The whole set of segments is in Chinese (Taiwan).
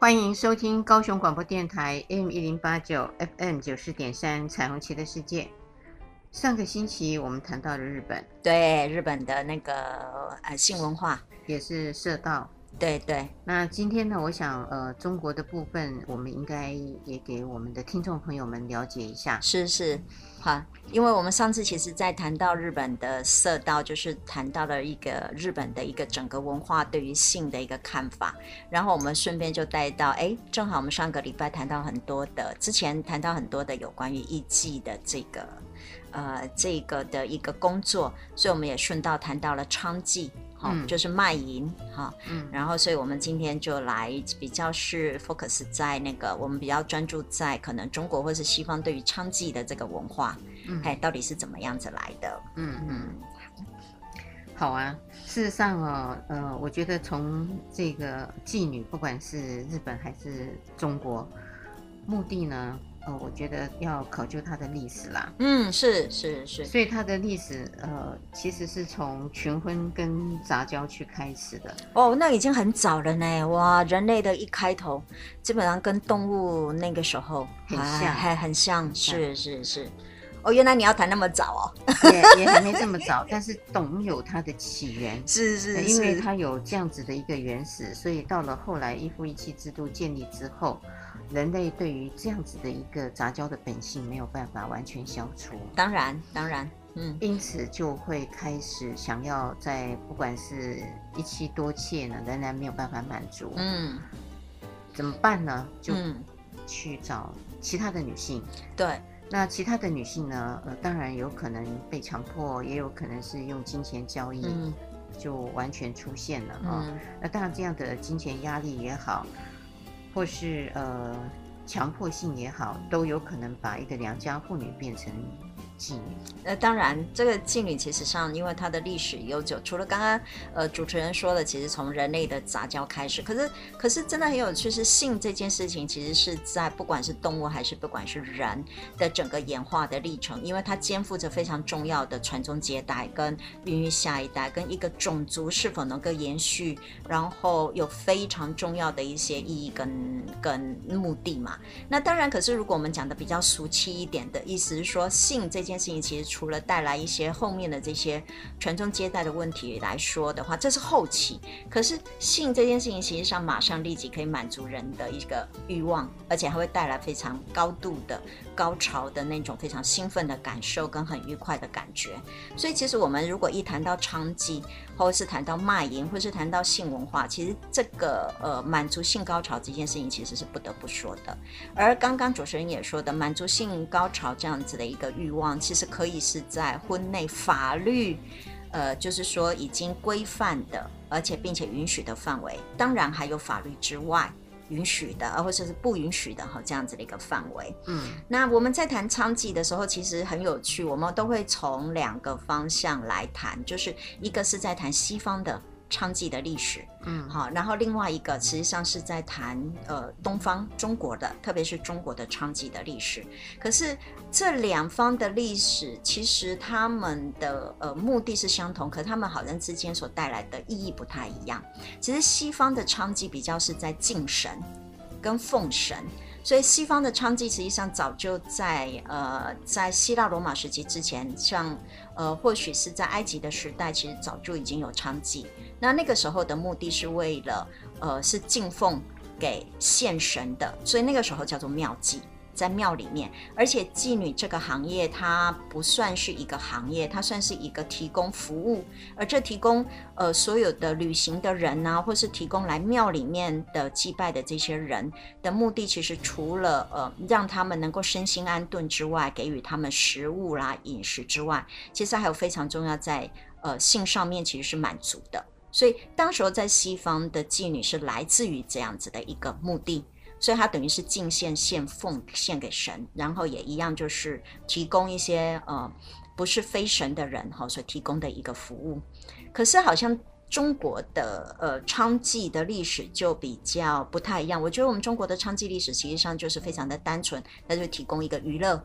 歡迎收聽高雄廣播電台 M 一零八九 FM 九十點三《彩虹旗的世界》。上個星期我們談到了日本，對日本的那個呃性文化也是色道，對對。那今天呢，我想呃中國的部分，我們應該也給我們的聽眾朋友們了解一下，是是。好，因為我們上次其實，在談到日本的色道，就是談到了一個日本的一個整個文化對於性的一個看法，然後我們順便就帶到，哎，正好我們上個禮拜談到很多的，之前談到很多的有關於藝妓的這個，呃，這個的一個工作，所以我們也順道談到了娼妓。Oh, 嗯，就是賣淫哈，oh, 嗯，然後所以我們今天就來比較是 focus 在那個，我們比較專注在可能中國或是西方對於娼妓的這個文化，嗯、哎，到底是怎麼樣子來的？嗯嗯，好，好啊，事實上啊、哦，呃，我覺得從這個妓女，不管是日本還是中國，目的呢？哦、我覺得要考究它的歷史啦。嗯，是是是。所以它的歷史，呃，其實是從群婚跟雜交去開始的。哦，那已經很早了呢，哇！人類的一開頭基本上跟動物那個時候、嗯啊、很像很像，很很像。是是是。哦，原來你要談那麼早哦，也也還沒這麼早， 但是總有它的起源。是是是，因為它有這樣子的一個原始，所以到了後來一夫一妻制度建立之後。人類對於這樣子的一個雜交的本性沒有辦法完全消除，當然，當然，嗯，因此就會開始想要在不管是一妻多妾呢，仍然沒有辦法滿足，嗯，怎麼辦呢？就去找其他的女性。嗯，對，那其他的女性呢，呃，當然有可能被強迫，也有可能是用金錢交易，嗯，就完全出現了啊。哦嗯，那當然這樣的金錢壓力也好。或是呃，強迫性也好，都有可能把一個良家婦女變成你。那、嗯呃、當然，這個妓女其實上，因為它的歷史悠久，除了剛剛呃主持人說的，其實從人類的雜交開始。可是可是真的很有趣，是性這件事情，其實是在不管是動物還是不管是人的整個演化的歷程，因為它肩負着非常重要的傳宗接代、跟孕育下一代、跟一個種族是否能夠延續，然後有非常重要的一些意義跟跟目的嘛。那當然，可是如果我們講的比較俗氣一點的意思，是說性這。這件事情其實除了帶來一些後面的這些傳宗接代的問題來說的話，這是後期。可是性這件事情，實際上馬上立即可以滿足人的一個慾望，而且還會帶來非常高度的高潮的那種非常興奮的感受跟很愉快的感覺。所以其實我們如果一談到娼妓，或是談到賣淫，或是談到性文化，其實這個呃，滿足性高潮這件事情其實是不得不說的。而剛剛主持人也說的，滿足性高潮這樣子的一個慾望，其實可以是在婚內法律，呃，就是說已經規範的，而且並且允許的範圍，當然還有法律之外。允許的，或者是不允許的哈，這樣子的一個範圍。嗯，那我們在談娼妓的時候，其實很有趣，我們都會從兩個方向來談，就是一個是在談西方的。娼妓的歷史，嗯，好，然後另外一個，實際上是在談呃東方中國的，特別是中國的娼妓的歷史。可是這兩方的歷史，其實他們的呃目的是相同，可他們好像之間所帶來的意義不太一樣。其實西方的娼妓比較是在敬神跟奉神，所以西方的娼妓實際上早就在呃在希臘羅馬時期之前，像呃或許是在埃及的時代，其實早就已經有娼妓。那那個時候的目的是為了，呃，是敬奉給獻神的，所以那個時候叫做廟妓，在廟裡面。而且妓女這個行業，它不算是一個行業，它算是一個提供服務。而這提供，呃，所有的旅行的人吶、啊，或是提供來廟裡面的祭拜的這些人的目的，其實除了呃讓他們能夠身心安頓之外，給予他們食物啦、飲食之外，其實還有非常重要在，呃，性上面其實是滿足的。所以，當時候在西方的妓女是來自於這樣子的一個目的，所以她等於是進獻、獻奉、獻給神，然後也一樣就是提供一些呃，不是非神的人哈、哦、所提供的一個服務。可是好像中國的呃娼妓的歷史就比較不太一樣，我覺得我們中國的娼妓歷史實際上就是非常的單純，那就提供一個娛樂。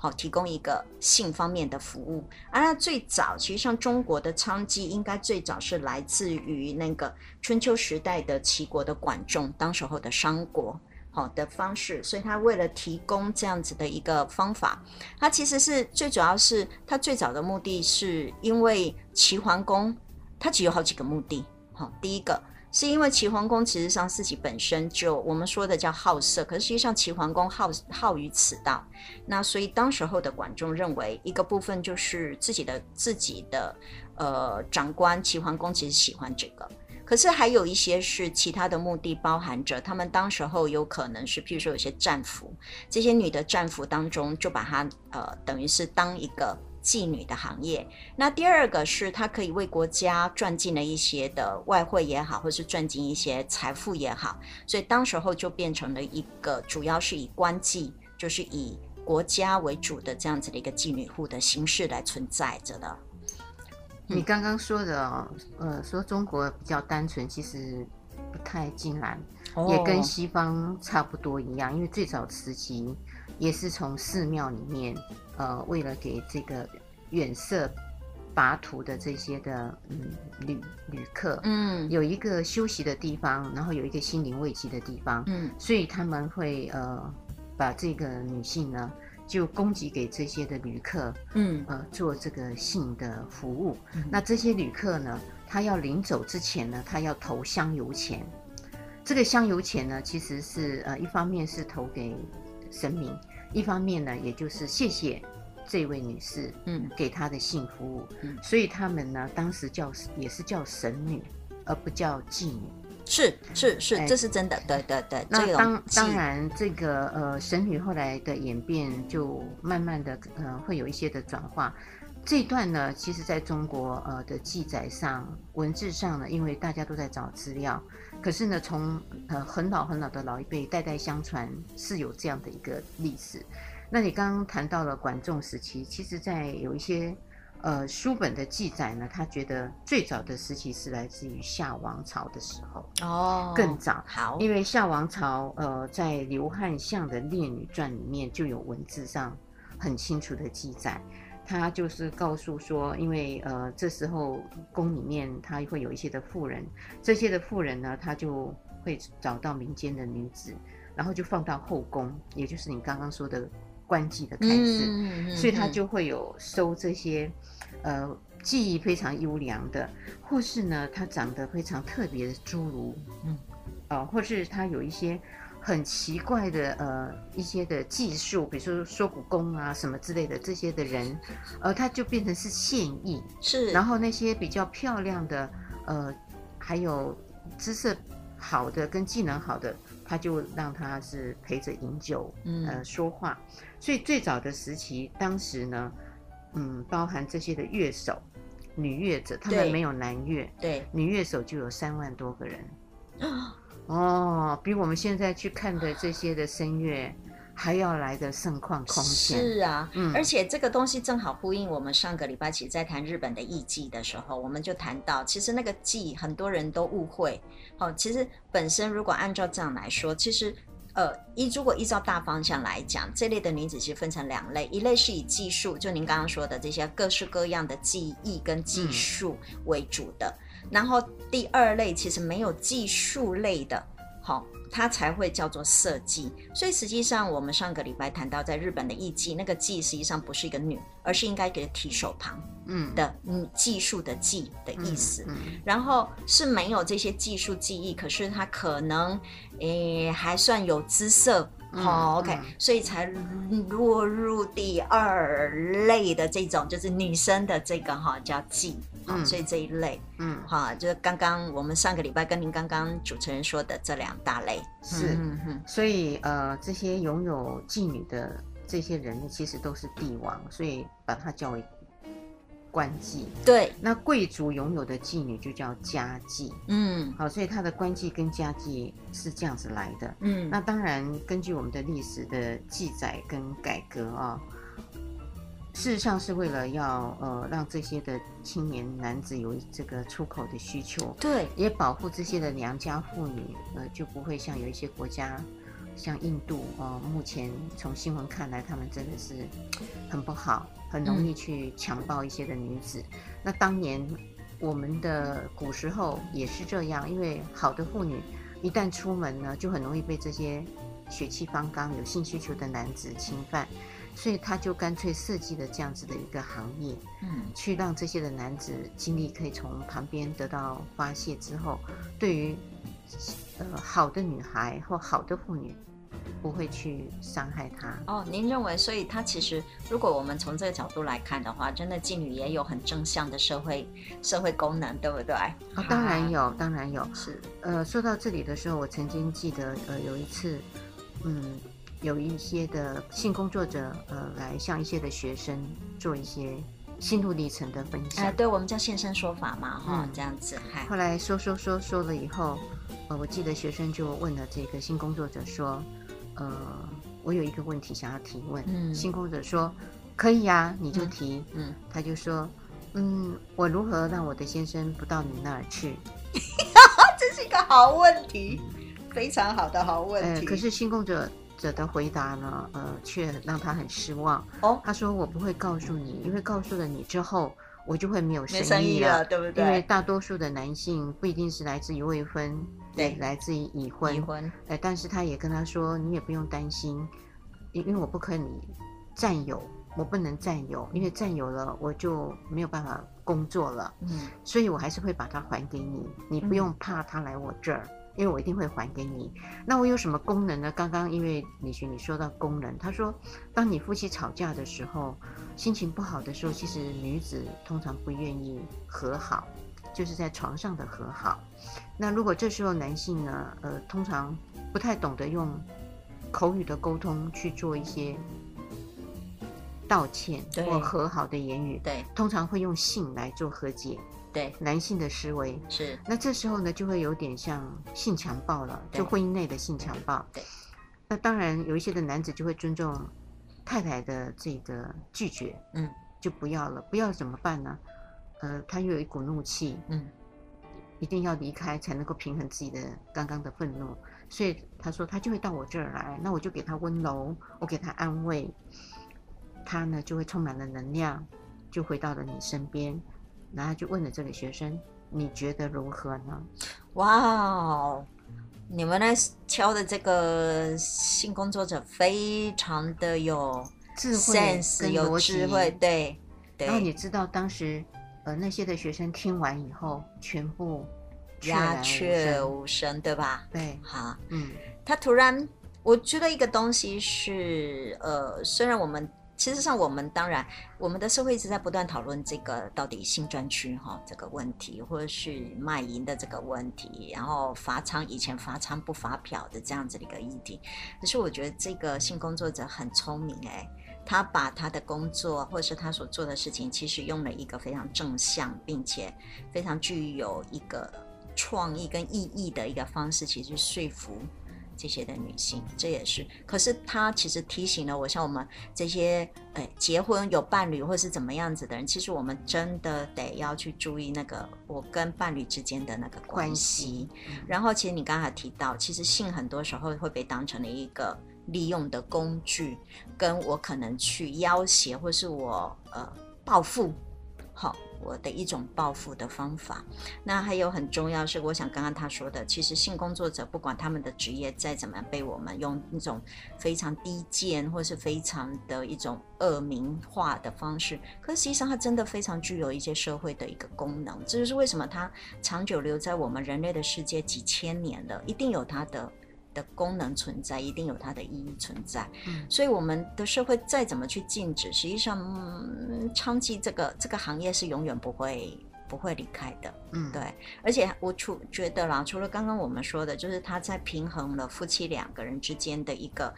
好，提供一個性方面的服務。啊，那最早其實像中國的娼妓應該最早是來自於那個春秋時代的齊國的管仲，當時候的商國，好的方式。所以，他為了提供這樣子的一個方法，他其實是最主要是他最早的目的是因為齊桓公，他只有好幾個目的。好，第一個。是因為齊桓公其實上自己本身就我們說的叫好色，可是實際上齊桓公好好於此道，那所以當時候的管仲認為一個部分就是自己的自己的呃長官齊桓公其實喜歡這個，可是還有一些是其他的目的，包含着他們當時候有可能是譬如說有些戰俘，這些女的戰俘當中就把她呃等於是當一個。妓女的行業，那第二個是它可以為國家賺進了一些的外匯也好，或者是賺進一些財富也好，所以當時候就變成了一個主要是以官妓，就是以國家為主的這樣子的一個妓女戶的形式來存在着的。嗯、你剛剛說的、哦、呃，說中國比較單純，其實不太盡然、哦，也跟西方差不多一樣，因為最早時期也是從寺廟裡面。呃，為了給這個遠涉跋途的這些的嗯旅旅客，嗯，有一個休息的地方，然後有一個心靈慰藉的地方，嗯，所以他們會呃把這個女性呢，就供給給這些的旅客，嗯，呃做這個性的服務。嗯。那這些旅客呢，他要臨走之前呢，他要投香油錢。這個香油錢呢，其實是呃一方面是投給神明。一方面呢，也就是謝謝這位女士，嗯，給她的性服務，嗯，所以他們呢，當時叫也是叫神女，而不叫妓女，是是是、呃，這是真的，對對對。那當當然，這個呃神女後來的演變就慢慢的呃會有一些的轉化。這段呢，其實在中國呃的記載上文字上呢，因為大家都在找資料。可是呢，從呃很老很老的老一輩代代相傳是有這樣的一個歷史。那你剛剛談到了管仲時期，其實，在有一些呃書本的記載呢，他覺得最早的時期是來自於夏王朝的時候哦，oh, 更早好。因為夏王朝呃在劉漢向的《列女傳》裡面就有文字上很清楚的記載。他就是告訴說，因為呃，這時候宮裡面他會有一些的婦人，這些的婦人呢，他就會找到民間的女子，然後就放到後宮，也就是你剛剛說的官妓的開始，嗯嗯嗯嗯，所以他就會有收這些，呃，技藝非常優良的，或是呢，他長得非常特別的侏儒，嗯，哦、呃，或是他有一些。很奇怪的呃一些的技術，比如說縮骨功啊什麼之類的，這些的人，呃他就變成是現役，是。然後那些比較漂亮的呃，還有姿色好的跟技能好的，他就讓他是陪着飲酒，嗯、呃，說話。所以最早的時期，當時呢，嗯，包含這些的樂手、女樂者，他們沒有男樂，對，對女樂手就有三萬多個人。哦，比我們現在去看的這些的聲樂還要來得盛況空前。是啊，嗯，而且這個東西正好呼應我們上個禮拜其實在談日本的藝妓的時候，我們就談到，其實那個妓很多人都誤會，好、哦，其實本身如果按照這樣來說，其實呃，依如果依照大方向來講，這類的女子其實分成兩類，一類是以技術，就您剛剛說的這些各式各樣的技藝跟技術為主的。嗯然後第二類其實沒有技術類的，好、哦，它才會叫做色妓。所以實際上我們上個禮拜談到，在日本的藝妓，那個妓實際上不是一個女，而是應該給提手旁的女技，技術的技的意思、嗯嗯嗯。然後是沒有這些技術技藝，可是她可能誒還算有姿色，好、哦嗯嗯、，OK，所以才落入第二類的這種，就是女生的這個哈叫妓。哦、所以這一類，嗯，好、嗯，就是剛剛我們上個禮拜跟您剛剛主持人說的這兩大類是，嗯哼、嗯，所以呃，這些擁有妓女的這些人呢，其實都是帝王，所以把它叫為官妓，對，那貴族擁有的妓女就叫家妓，嗯，好、哦，所以他的官妓跟家妓是這樣子來的，嗯，那當然根據我們的歷史的記載跟改革啊、哦。事實上是為了要呃讓這些的青年男子有這個出口的需求，對，也保護這些的良家婦女，呃就不會像有一些國家，像印度呃，目前從新聞看來，他們真的是很不好，很容易去強暴一些的女子。嗯。那當年我們的古時候也是這樣，因為好的婦女一旦出門呢，就很容易被這些血氣方剛、有性需求的男子侵犯。所以他就乾脆設計了這樣子的一個行業，嗯，去讓這些的男子精力可以從旁邊得到發洩之後，對於，呃，好的女孩或好的婦女，不會去傷害她。哦，您認為？所以他其實，如果我們從這個角度來看的話，真的妓女也有很正向的社會社會功能，對不對？啊，哦，當然有，當然有，啊。是，呃，說到這裡的時候，我曾經記得，呃，有一次，嗯。有一些的性工作者，呃，來向一些的學生做一些心路歷程的分享。啊、呃，對，我們叫現身說法嘛，哈、嗯哦，這樣子。後來說，說說說說了以後，呃，我記得學生就問了這個性工作者說：“呃，我有一個問題想要提問。嗯”性工作者說：“可以呀、啊，你就提。嗯”嗯，他就說：“嗯，我如何讓我的先生不到你那兒去？” 這是一個好問題，非常好的好問題。呃、可是性工作者。者的回答呢？呃，卻讓他很失望。哦，他說，我不會告訴你，因為告訴了你之後，我就會沒有生意了，沒生意啊，對不對？因為大多數的男性不一定是來自於未婚，對，來自於已婚，已婚，呃，但是他也跟他說，你也不用擔心，因為我不可以占有，我不能占有，因為占有了我就沒有辦法工作了。嗯，所以我還是會把它還給你，你不用怕他來我這兒。嗯因為我一定會還給你。那我有什麼功能呢？剛剛因為李尋你說到功能，他說，當你夫妻吵架的時候，心情不好的時候，其實女子通常不願意和好，就是在床上的和好。那如果這時候男性呢，呃，通常不太懂得用口語的溝通去做一些。道歉或和好的言語對對，通常會用性來做和解。對，男性的思維是，那這時候呢，就會有點像性強暴了，就婚姻內的性強暴，對對。對，那當然有一些的男子就會尊重太太的這個拒絕，嗯，就不要了。不要怎麼辦呢？呃，他又有一股怒氣，嗯，一定要離開才能夠平衡自己的剛剛的憤怒，所以他說他就會到我這兒來，那我就給他溫柔，我給他安慰。他呢就會充滿了能量，就回到了你身邊，然後就問了這裡學生：“你覺得如何呢？”哇哦，你們來挑的這個性工作者非常的有 sense，智慧，有智慧，對對。然後你知道當時，呃，那些的學生聽完以後，全部鴉雀無聲，對吧？對，好，嗯。他突然，我覺得一個東西是，呃，雖然我們。其實上，我們當然，我們的社會一直在不斷討論這個到底性專區哈、哦、這個問題，或者是賣淫的這個問題，然後罰娼以前罰娼不罰嫖的這樣子的一個議題。可是我覺得這個性工作者很聰明誒，他把他的工作或者是他所做的事情，其實用了一個非常正向，並且非常具有一個創意跟意義的一個方式，其實說服。這些的女性，這也是。可是她其實提醒了我，像我們這些誒、哎、結婚有伴侶或是怎麼樣子的人，其實我們真的得要去注意那個我跟伴侶之間的那個關係。關係嗯、然後，其實你剛才提到，其實性很多時候會被當成了一個利用的工具，跟我可能去要挾，或是我呃報復，好、哦。我的一種報復的方法。那還有很重要是，我想剛剛他說的，其實性工作者不管他們的職業再怎麼樣被我們用一種非常低賤或是非常的一種惡名化的方式，可實際上他真的非常具有一些社會的一個功能。這就是為什麼他長久留在我們人類的世界幾千年了，一定有他的功能存在，一定有它的意義存在。嗯，所以我們的社會再怎麼去禁止，實際上娼妓，嗯，這個這個行業是永遠不會不會離開的。嗯，對。而且我除覺得啦，除了剛剛我們說的，就是他在平衡了夫妻兩個人之間的一個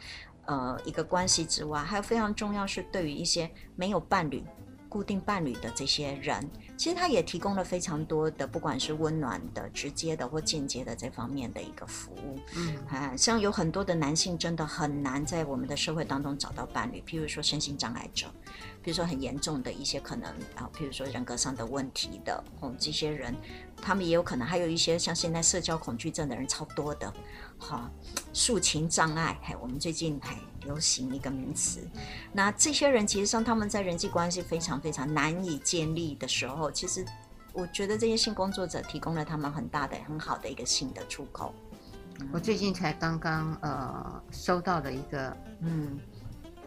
呃一個關係之外，還有非常重要是對於一些沒有伴侶固定伴侶的這些人，其實他也提供了非常多的，不管是溫暖的、直接的或間接的這方面的一個服務。嗯，啊，像有很多的男性真的很難在我們的社會當中找到伴侶，譬如說身心障礙者，譬如說很嚴重的一些可能啊，譬如說人格上的問題的，我們這些人，他們也有可能還有一些像現在社交恐懼症的人超多的，哈，述情障礙，哎，我們最近，哎。流行一個名詞，那這些人其實上他們在人際關係非常非常難以建立的時候，其實我覺得這些性工作者提供了他們很大的很好的一個性的出口，嗯。我最近才剛剛呃收到的一個嗯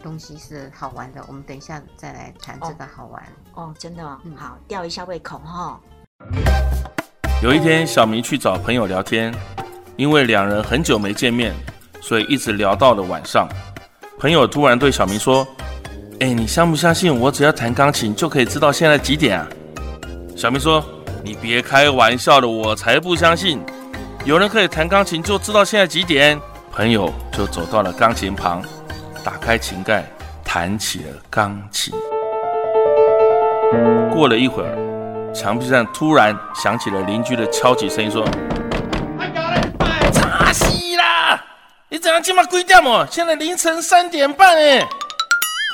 東西是好玩的，我們等一下再來談這個好玩哦，哦，真的嗎？嗯，好，吊一下胃口哈。有一天，小明去找朋友聊天，因為兩人很久沒見面，所以一直聊到了晚上。朋友突然對小明說：“哎、欸，你相不相信我只要彈鋼琴就可以知道現在幾點啊？”小明說：“你別開玩笑了，我才不相信，有人可以彈鋼琴就知道現在幾點。”朋友就走到了鋼琴旁，打開琴蓋，彈起了鋼琴。過了一會兒，牆壁上突然響起了鄰居的敲擊聲音，說。你怎樣這麼鬼叫麼？現在凌晨三點半哎！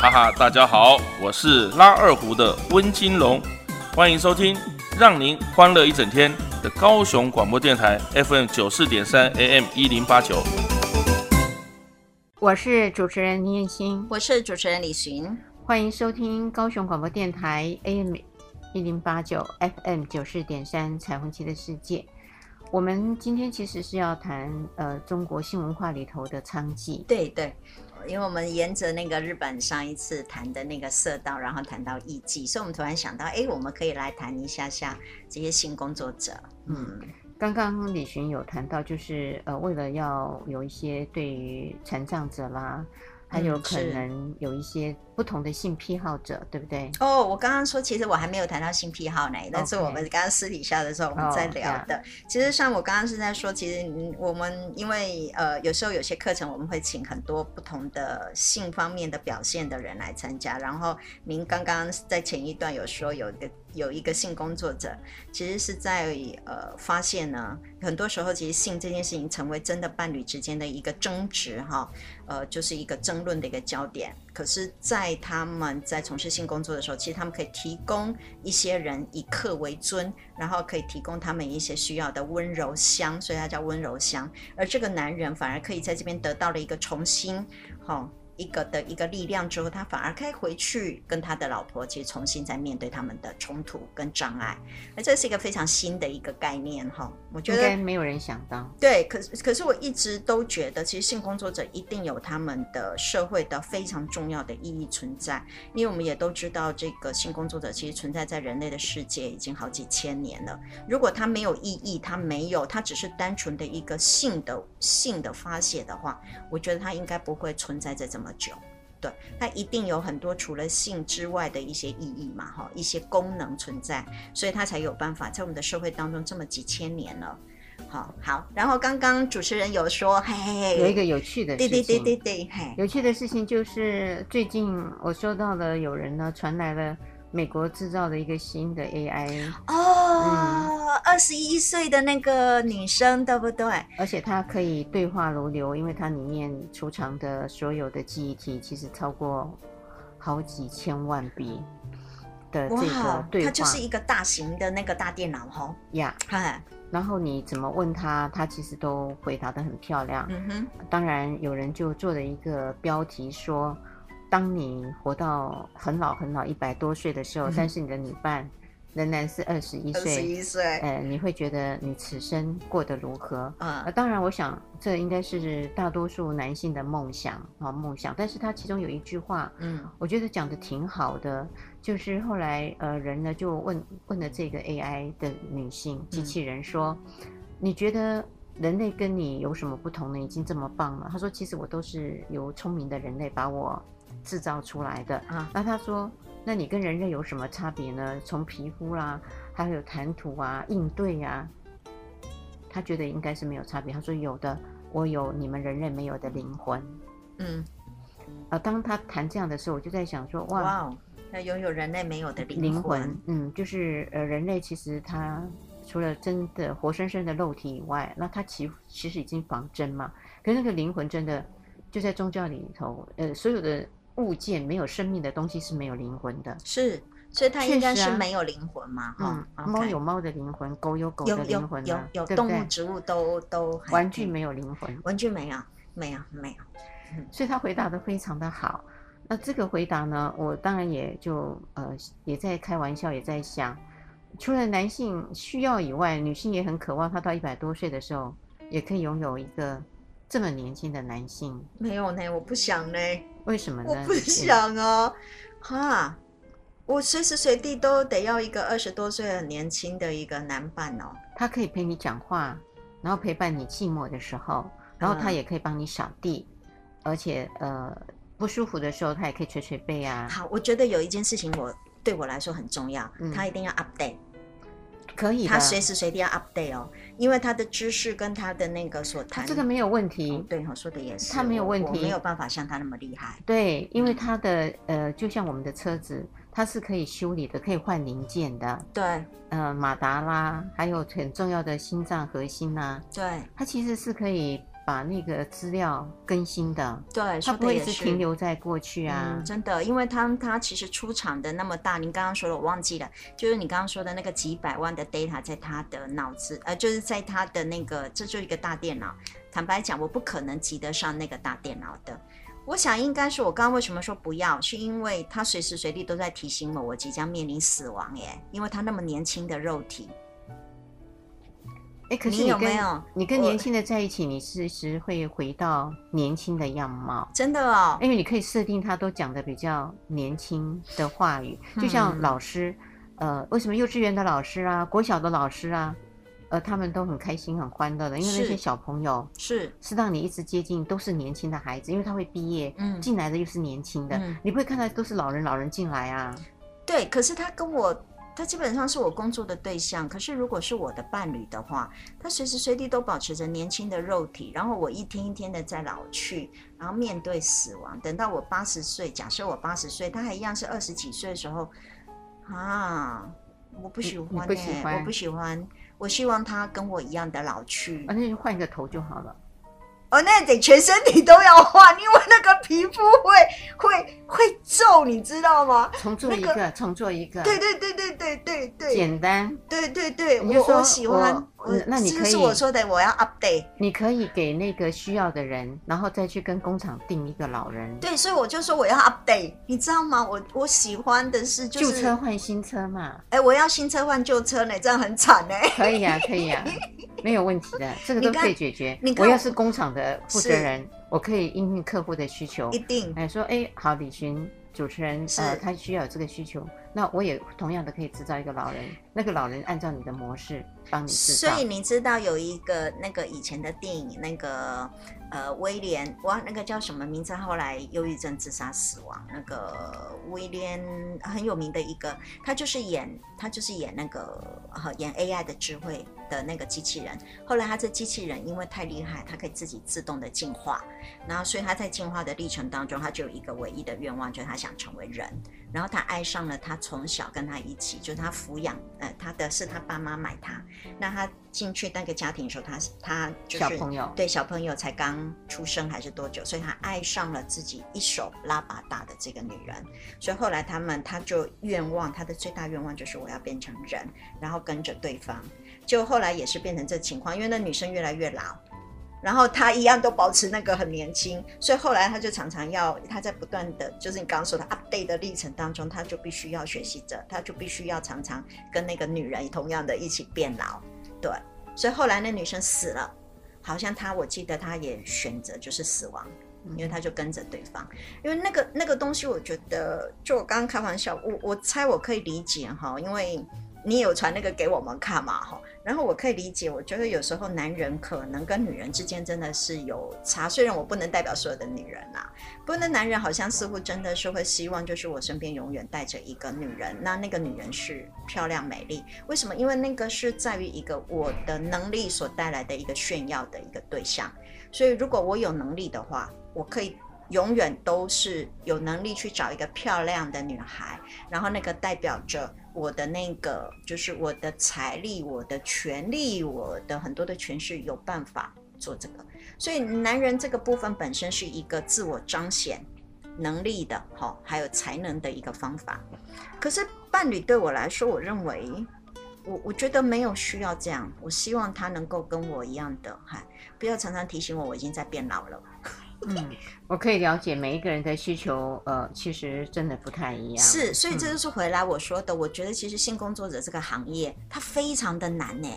哈哈，大家好，我是拉二胡的溫金龍，歡迎收聽讓您歡樂一整天的高雄廣播電台 FM 九四點三 AM 一零八九。我是主持人林燕鑫，我是主持人李尋，歡迎收聽高雄廣播電台 AM 一零八九 FM 九四點三彩虹旗的世界。我們今天其實是要談呃中國性文化裡頭的娼妓，對對，因為我們沿着那個日本上一次談的那個色道，然後談到藝妓，所以我們突然想到，哎，我們可以來談一下下這些性工作者。嗯，嗯剛剛李巡有談到，就是呃為了要有一些對於殘障者啦，還有可能有一些不同的性癖好者，嗯、對不對？哦、Oh，我剛剛說，其實我還沒有談到性癖好呢？那、okay. 是我們剛剛私底下的時候我們在聊的。Oh, yeah. 其實像我剛剛是在說，其實我們因為呃有時候有些課程我們會請很多不同的性方面的表現的人來參加。然後您剛剛在前一段有說有一個。有一個性工作者，其實是在呃發現呢，很多時候其實性這件事情成為真的伴侶之間的一個爭執哈、哦，呃就是一個爭論的一個焦點。可是，在他們在從事性工作的時候，其實他們可以提供一些人以客為尊，然後可以提供他們一些需要的溫柔鄉，所以它叫溫柔鄉。而這個男人反而可以在這邊得到了一個重新，哦一個的一個力量之後，他反而可以回去跟他的老婆其實重新再面對他們的衝突跟障礙。那這是一個非常新的一個概念哈，我覺得沒有人想到。對，可是可是我一直都覺得，其實性工作者一定有他們的社會的非常重要的意義存在，因為我們也都知道，這個性工作者其實存在在人類的世界已經好幾千年了。如果他沒有意義，他沒有，他只是單純的一個性的性的發洩的話，我覺得他應該不會存在在這麼久。對，它一定有很多除了性之外的一些意義嘛，哈，一些功能存在，所以它才有辦法在我們的社會當中這麼幾千年了，哦，好好。然後剛剛主持人有說，嘿、嘿、嘿，有一個有趣的事情，對對對對對，嘿，有趣的事情就是最近我收到了有人呢傳來了、美國製造的一個新的 AI 哦、oh, 嗯，二十一歲的那個女生對不對？而且它可以對話如流，因為它裡面儲藏的所有的記憶體其實超過好幾千萬筆的這個對話，wow, 它就是一個大型的那個大電腦哈、哦。呀、yeah. uh-huh. 然後你怎麼問他，他其實都回答得很漂亮。嗯哼，當然有人就做了一個標題說。當你活到很老很老，一百多歲的時候，嗯，但是你的女伴仍然，然是二十一歲，二十一歲，呃，你會覺得你此生過得如何？嗯，當然，我想這應該是大多數男性的夢想啊，夢想。但是他其中有一句話，嗯，我覺得講得挺好的，就是後來呃，人呢就問問了這個 AI 的女性機器人說，嗯：“你覺得人類跟你有什麼不同呢？已經這麼棒了。”他說：“其實我都是由聰明的人類把我。”製造出來的啊，那、啊、他說，那你跟人類有什麼差別呢？從皮膚啦、啊，還有談吐啊、應對啊，他覺得應該是沒有差別。他說有的，我有你們人類沒有的靈魂，嗯，呃、啊，當他談這樣的時候，我就在想說，哇，他擁有人類沒有的靈魂，靈魂，嗯，就是呃，人類其實他除了真的活生生的肉體以外，嗯、那他其其實已經仿真嘛。可是那個靈魂真的就在宗教裡頭，呃，所有的。物件、沒有生命的東西是沒有靈魂的，是，所以他應該是沒有靈魂嘛？哈、啊，嗯 Okay. 貓有貓的靈魂，狗有狗的靈魂，有有，有，有對對動物、植物都都。玩具沒有靈魂，玩具沒有，沒有，沒有。嗯、所以他回答的非常的好。那這個回答呢，我當然也就呃也在開玩笑，也在想，除了男性需要以外，女性也很渴望，她到一百多歲的時候也可以擁有一個這麼年輕的男性。沒有呢，我不想呢。為什麼呢？我不想，哦嗯、啊，哈！我隨時隨地都得要一個二十多歲很年輕的一個男伴哦。他可以陪你講話，然後陪伴你寂寞的時候，然後他也可以幫你掃地，嗯、而且呃不舒服的時候他也可以捶捶背啊。好，我覺得有一件事情我對我來說很重要，嗯、他一定要 update。可以的，他隨時隨地要 update 哦，因為他的知識跟他的那個所談，啊、這個沒有問題。哦、對，我說的也是，他沒有問題。我，我沒有辦法像他那麼厲害。對，因為他的、嗯、呃，就像我們的車子，它是可以修理的，可以換零件的。對，呃，馬達啦，還有很重要的心臟核心吶、啊。對，它其實是可以。把那個資料更新的，對，差不多也是停留在過去啊。嗯、真的，因為他他其實出場的那麼大，您剛剛說了我忘記了，就是你剛剛說的那個幾百萬的 data 在他的腦子，呃，就是在他的那個，這就是一個大電腦。坦白講，我不可能及得上那個大電腦的。我想應該是我剛剛為什麼說不要，是因為他隨時隨地都在提醒我我即將面臨死亡耶、欸，因為他那麼年輕的肉體。哎、欸，可是你跟你，有有你跟年輕的在一起，你其實會回到年輕的樣貌，真的哦。因為你可以設定他都講的比較年輕的話語，就像老師，嗯、呃，為什麼幼稚園的老師啊，國小的老師啊，呃，他們都很開心很歡樂的，因為那些小朋友是是讓你一直接近都是年輕的孩子，因為他會畢業，嗯，進來的又是年輕的、嗯，你不會看到都是老人，老人進來啊。對，可是他跟我。他基本上是我工作的對象，可是，如果是我的伴侶的話，他隨時隨地都保持着年輕的肉體，然後我一天一天的在老去，然後面對死亡。等到我八十歲，假設我八十歲，他還一樣是二十幾歲的時候，啊，我不喜歡、欸，我不喜歡，我不喜歡，我希望他跟我一樣的老去。啊、那你就換一個頭就好了。哦，那得全身體都要換，因為那個皮膚會會會皺，你知道嗎？重做一個，那個，重做一個。對對對對對對對。簡單。對對對，我就說我我喜歡。那那你可以是，可是我說的，我要 update。你可以給那個需要的人，然後再去跟工廠訂一個老人。對，所以我就說我要 update，你知道嗎？我我喜歡的是、就是，就舊車換新車嘛。哎、欸，我要新車換舊車呢，這樣很慘呢、欸。可以呀、啊，可以呀、啊，沒有問題的， 這個都可以解決。我，我要是工廠的負責人，我可以因應客戶的需求，一定。哎、欸，說哎、欸，好，李尋。主持人呃，他需要有這個需求，那我也同樣的可以制造一個老人，那個老人按照你的模式幫你製造。所以你知道有一個，那個以前的電影，那個。呃，威廉，哇，那個叫什麼名字？後來憂鬱症自殺死亡，那個威廉很有名的一個，他就是演，他就是演那個，呃，演 AI 的智慧的那個機器人。後來他這機器人因為太厲害，它可以自己自動的進化，然後所以他在進化的歷程當中，他就有一個唯一的願望，就是他想成為人。然後他愛上了他從小跟他一起，就他撫養，呃，他的是他爸媽買他，那他進去那個家庭的時候，他他就是對小朋友才剛出生還是多久，所以他愛上了自己一手拉拔大的這個女人，所以後來他們他就願望，他的最大願望就是我要變成人，然後跟着對方，就後來也是變成這情況，因為那女生越來越老。然後他一樣都保持那個很年輕，所以後來他就常常要他在不斷的，就是你剛剛說的 update 的歷程當中，他就必須要學習着，他就必須要常常跟那個女人同樣的一起變老，對。所以後來那女生死了，好像他我記得他也選擇就是死亡，因為他就跟着對方，因為那個那個東西，我覺得就我剛剛開玩笑，我我猜我可以理解哈，因為。你有傳那個給我們看嗎？吼，然後我可以理解，我覺得有時候男人可能跟女人之間真的是有差，雖然我不能代表所有的女人啦，啊，不過那男人好像似乎真的是會希望，就是我身邊永遠帶着一個女人，那那個女人是漂亮美麗，為什麼？因為那個是在於一個我的能力所帶來的一個炫耀的一個對象，所以如果我有能力的話，我可以永遠都是有能力去找一個漂亮的女孩，然後那個代表着，我的那個就是我的財力、我的權利、我的很多的權勢有辦法做這個，所以男人這個部分本身是一個自我彰顯能力的哈，還有才能的一個方法。可是伴侶對我來說，我認為我我覺得沒有需要這樣，我希望他能夠跟我一樣的哈，不要常常提醒我我已經在變老了。嗯，我可以了解每一個人的需求，呃，其實真的不太一樣。是，所以這就是回來我說的，嗯、我覺得其實性工作者這個行業它非常的難呢，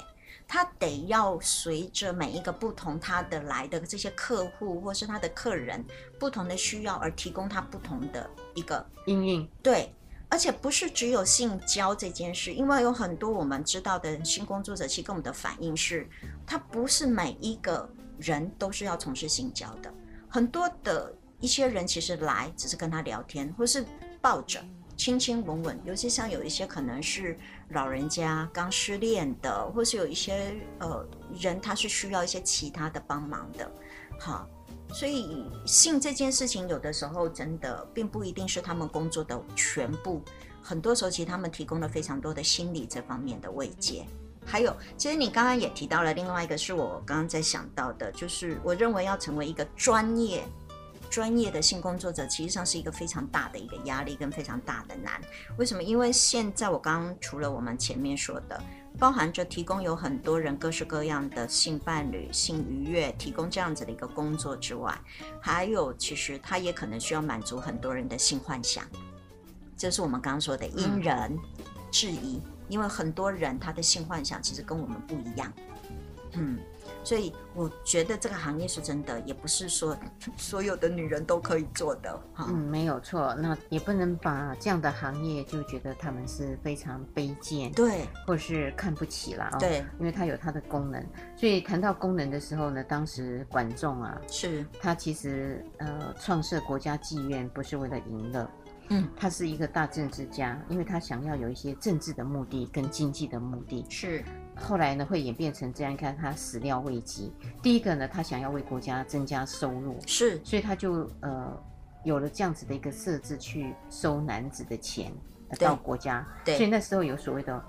它得要隨着每一個不同他的來的這些客戶或是他的客人不同的需要而提供他不同的一個應用。對。而且不是只有性交這件事，因為有很多我們知道的性工作者，其實跟我們的反應是，他不是每一個人都是要從事性交的。很多的一些人其實來只是跟他聊天，或是抱着親親吻吻，尤其像有一些可能是老人家剛失戀的，或是有一些呃人他是需要一些其他的幫忙的，哈，所以性這件事情有的時候真的並不一定是他們工作的全部，很多時候其實他們提供了非常多的心理這方面的慰藉。還有，其實你剛剛也提到了另外一個，是我剛剛在想到的，就是我認為要成為一個專業、專業的性工作者，實際上是一個非常大的一個壓力跟非常大的難。為什麼？因為現在我剛剛除了我們前面說的，包含着提供有很多人各式各樣的性伴侶、性愉悅，提供這樣子的一個工作之外，還有其實他也可能需要滿足很多人的性幻想，這是我們剛剛說的因人制宜。質疑因為很多人他的性幻想其實跟我們不一樣，嗯，所以我覺得這個行業是真的，也不是說所有的女人都可以做的哈。嗯，沒有錯，那也不能把這樣的行業就覺得他們是非常卑賤，對，或是看不起了啊。對，哦，因為它有它的功能。所以談到功能的時候呢，當時管仲啊，是他其實呃創設國家妓院，不是為了淫樂。嗯，他是一個大政治家，因為他想要有一些政治的目的跟經濟的目的。是，後來呢會演變成這樣，你看他始料未及，第一個呢他想要為國家增加收入，是，所以他就呃有了這樣子的一個設置去收男子的錢到國家，對，所以那時候有所謂的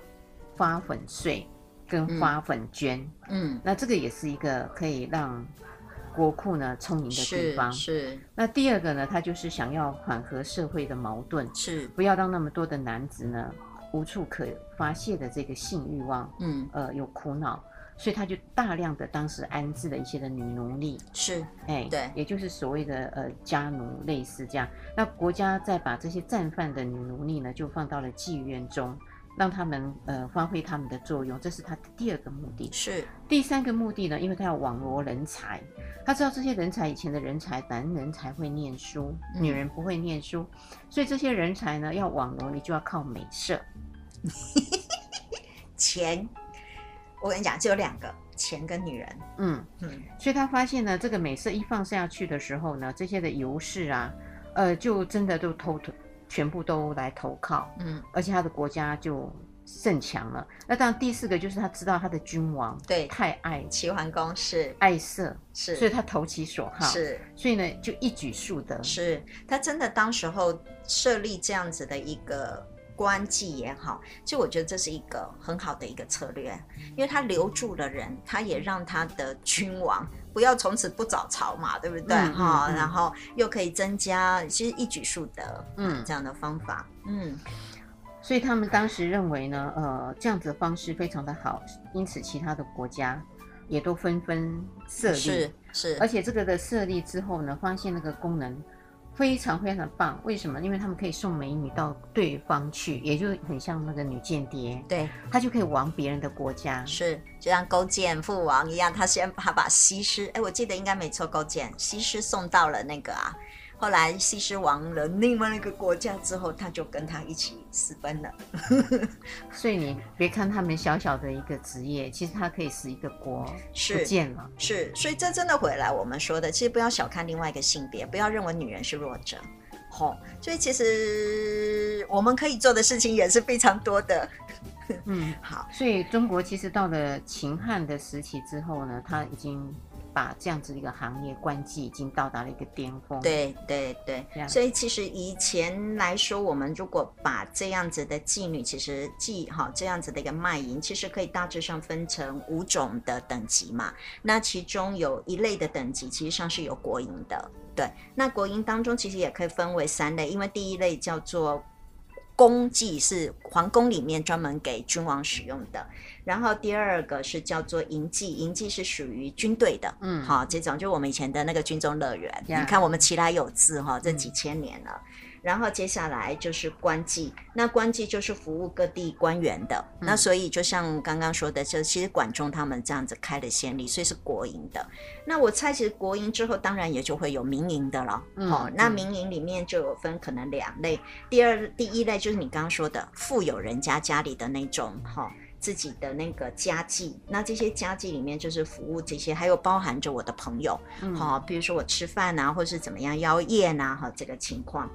花粉稅跟花粉捐嗯，嗯，那這個也是一個可以讓。國庫呢充盈的地方是,是。那第二個呢，他就是想要緩和社會的矛盾，是不要讓那麼多的男子呢無處可發泄的這個性欲望，嗯呃有苦惱，所以他就大量的當時安置了一些的女奴隸，是哎對，也就是所謂的呃家奴類似這樣。那國家再把這些戰犯的女奴隸呢，就放到了妓院中。讓他們呃發揮他們的作用，這是他的第二個目的。是第三個目的呢？因為他要網羅人才，他知道這些人才以前的人才，男人才會念書，女人不會念書，嗯、所以這些人才呢要網羅，你就要靠美色， 錢。我跟你講，只有兩個，錢跟女人。嗯嗯。所以他發現呢，這個美色一放下去的時候呢，這些的游士啊，呃，就真的都偷偷。全部都來投靠，嗯，而且他的國家就盛強了。那當然，第四個就是他知道他的君王對太愛了對，齊桓公是愛色，是，所以他投其所好，是，所以呢就一舉數得，是他真的當時候設立這樣子的一個。關係也好，其實我覺得這是一個很好的一個策略，因為他留住的人，他也讓他的君王不要從此不早朝嘛，對不對？哈、嗯嗯，然後又可以增加，其實一舉數得，嗯，這樣的方法，嗯。所以他們當時認為呢，呃，這樣子方式非常的好，因此其他的國家也都紛紛設立，是，是，而且這個的設立之後呢，發現那個功能。非常非常棒，為什麼？因為他們可以送美女到對方去，也就很像那個女間諜。對，他就可以亡別人的國家，是，就像勾踐父王一樣，他先他把西施，哎，我記得應該沒錯，勾踐西施送到了那個啊。後來西施亡了另外一個國家之後，他就跟他一起私奔了。 所以你別看他們小小的一個職業，其實他可以是一個國不見了。是，是，所以這真正的回來我們說的，其實不要小看另外一個性別，不要認為女人是弱者。好、哦、所以其實我們可以做的事情也是非常多的。 嗯，好。所以中國其實到了秦漢的時期之後呢，他已經。把這樣子的一個行業官妓已經到達了一個巔峰。對對對，所以其實以前來說，我們如果把這樣子的妓女，其實妓哈這樣子的一個賣淫，其實可以大致上分成五種的等級嘛。那其中有一類的等級，其實上是有國營的。對，那國營當中其實也可以分為三類，因為第一類叫做。宮妓是皇宮裡面專門給君王使用的，然後第二個是叫做營妓，營妓是屬於軍隊的，嗯，好，這種就我們以前的那個軍中樂園，嗯、你看我們其來有自，哈，這幾千年了。嗯然後接下來就是官妓，那官妓就是服務各地官員的、嗯。那所以就像剛剛說的，就其實管仲他們這樣子開的先例，所以是國營的。那我猜，其實國營之後，當然也就會有民營的了。好、嗯哦，那民營裡面就有分可能兩類。第二，第一類就是你剛剛說的富有人家家裡的那種，哈、哦，自己的那個家妓。那這些家妓裡面就是服務這些，還有包含着我的朋友，哈、嗯哦，比如說我吃飯吶、啊，或是怎麼樣邀宴吶、哈、啊，這個情況。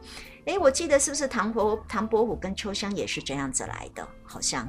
哎，我記得是不是唐伯唐伯虎跟秋香也是這樣子來的？好像，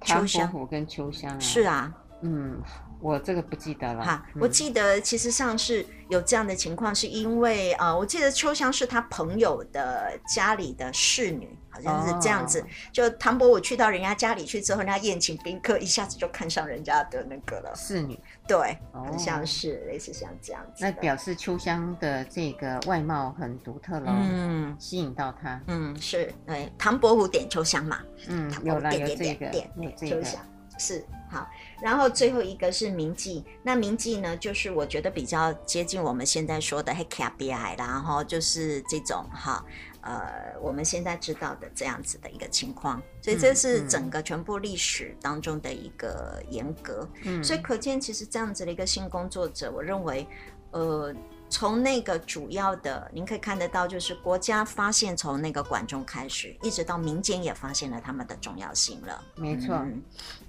唐伯虎跟秋香啊？是啊，嗯。我這個不記得了。哈，嗯、我記得其實上次有這樣的情況，是因為啊、呃，我記得秋香是他朋友的家裡的侍女，好像是這樣子。哦、就唐伯虎去到人家家裡去之後，人家宴請賓客，一下子就看上人家的那個了。侍女，對，哦、好像是類似像這樣子。那表示秋香的這個外貌很獨特了，嗯，吸引到他，嗯，嗯，是，對，唐伯虎點秋香嘛，嗯，唐伯虎點點點、嗯這個、點秋香、這個、是。好，然後最後一個是民妓。那民妓呢，就是我覺得比較接近我們現在說的黑卡比，k 然後就是這種哈，呃，我們現在知道的這樣子的一個情況。所以這是整個全部歷史當中的一個嚴格。嗯嗯、所以可見，其實這樣子的一個性工作者，我認為，呃，從那個主要的，您可以看得到，就是國家發現從那個管仲開始，一直到民間也發現了他們的重要性了。沒錯，嗯。